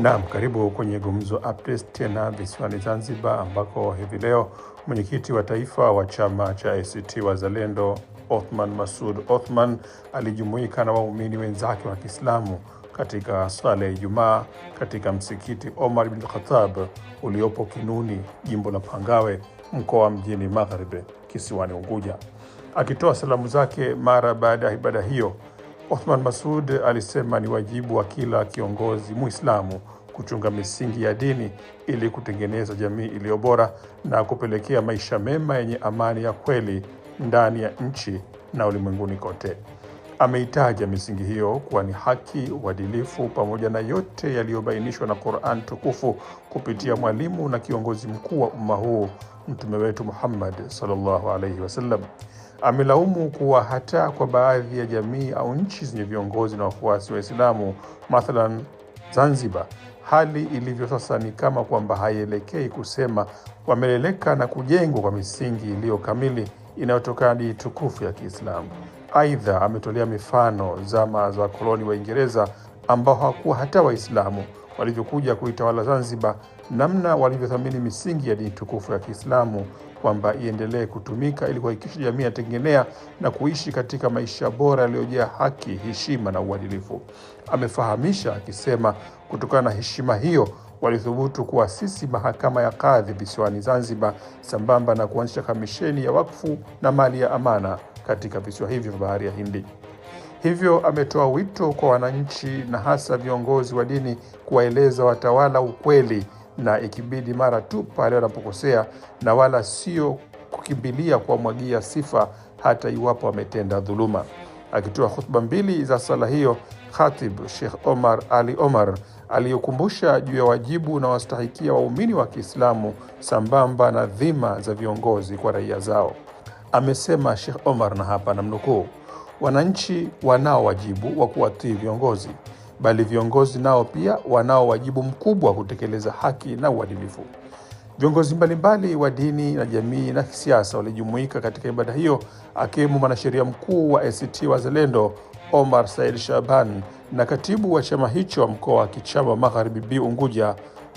Naam, karibu kwenye Gumzo Updates tena visiwani Zanzibar, ambako hivi leo mwenyekiti wa taifa wa chama cha ACT Wazalendo Othman Masud Othman alijumuika na waumini wenzake wa Kiislamu katika swala ya Ijumaa katika msikiti Omar bin Khattab uliopo Kinuni, jimbo la Pangawe, mkoa mjini Magharibi, kisiwani Unguja. Akitoa salamu zake mara baada ya ibada hiyo Othman Masud alisema ni wajibu wa kila kiongozi Muislamu kuchunga misingi ya dini ili kutengeneza jamii iliyo bora na kupelekea maisha mema yenye amani ya kweli ndani ya nchi na ulimwenguni kote. Ameitaja misingi hiyo kuwa ni haki, uadilifu pamoja na yote yaliyobainishwa na Qur'an tukufu kupitia mwalimu na kiongozi mkuu wa umma huu, mtume wetu Muhammad sallallahu alaihi wasallam. Amelaumu kuwa hata kwa baadhi ya jamii au nchi zenye viongozi na wafuasi wa Uislamu, mathalan Zanzibar, hali ilivyo sasa ni kama kwamba haielekei kusema wameleleka na kujengwa kwa misingi iliyo kamili inayotokana dini tukufu ya Kiislamu. Aidha, ametolea mifano zama za wakoloni Waingereza ambao hawakuwa hata Waislamu walivyokuja kuitawala Zanzibar namna walivyothamini misingi ya dini tukufu ya Kiislamu kwamba iendelee kutumika ili kuhakikisha jamii yatengenea na kuishi katika maisha bora yaliyojaa haki, heshima na uadilifu. Amefahamisha akisema, kutokana na heshima hiyo walithubutu kuasisi mahakama ya kadhi visiwani Zanzibar, sambamba na kuanzisha kamisheni ya wakfu na mali ya amana katika visiwa hivyo vya bahari ya Hindi. Hivyo ametoa wito kwa wananchi na hasa viongozi wa dini kuwaeleza watawala ukweli na ikibidi mara tu pale wanapokosea, na wala sio kukimbilia kuwamwagia sifa hata iwapo wametenda dhuluma. Akitoa khutba mbili za sala hiyo, Khatib Sheikh Omar Ali Omar aliyokumbusha juu ya wajibu na wastahikia waumini wa Kiislamu sambamba na dhima za viongozi kwa raia zao. Amesema Sheikh Omar, na hapa namnukuu: wananchi wanao wajibu wa kuwatii viongozi bali viongozi nao pia wanao wajibu mkubwa wa kutekeleza haki na uadilifu. Viongozi mbalimbali wa dini na jamii na kisiasa walijumuika katika ibada hiyo, akiwemo mwanasheria mkuu wa ACT Wazalendo Omar Said Shaban na katibu wa chama hicho wa mkoa wa kichama Magharibi B Unguja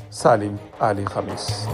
Salim Ali Khamis.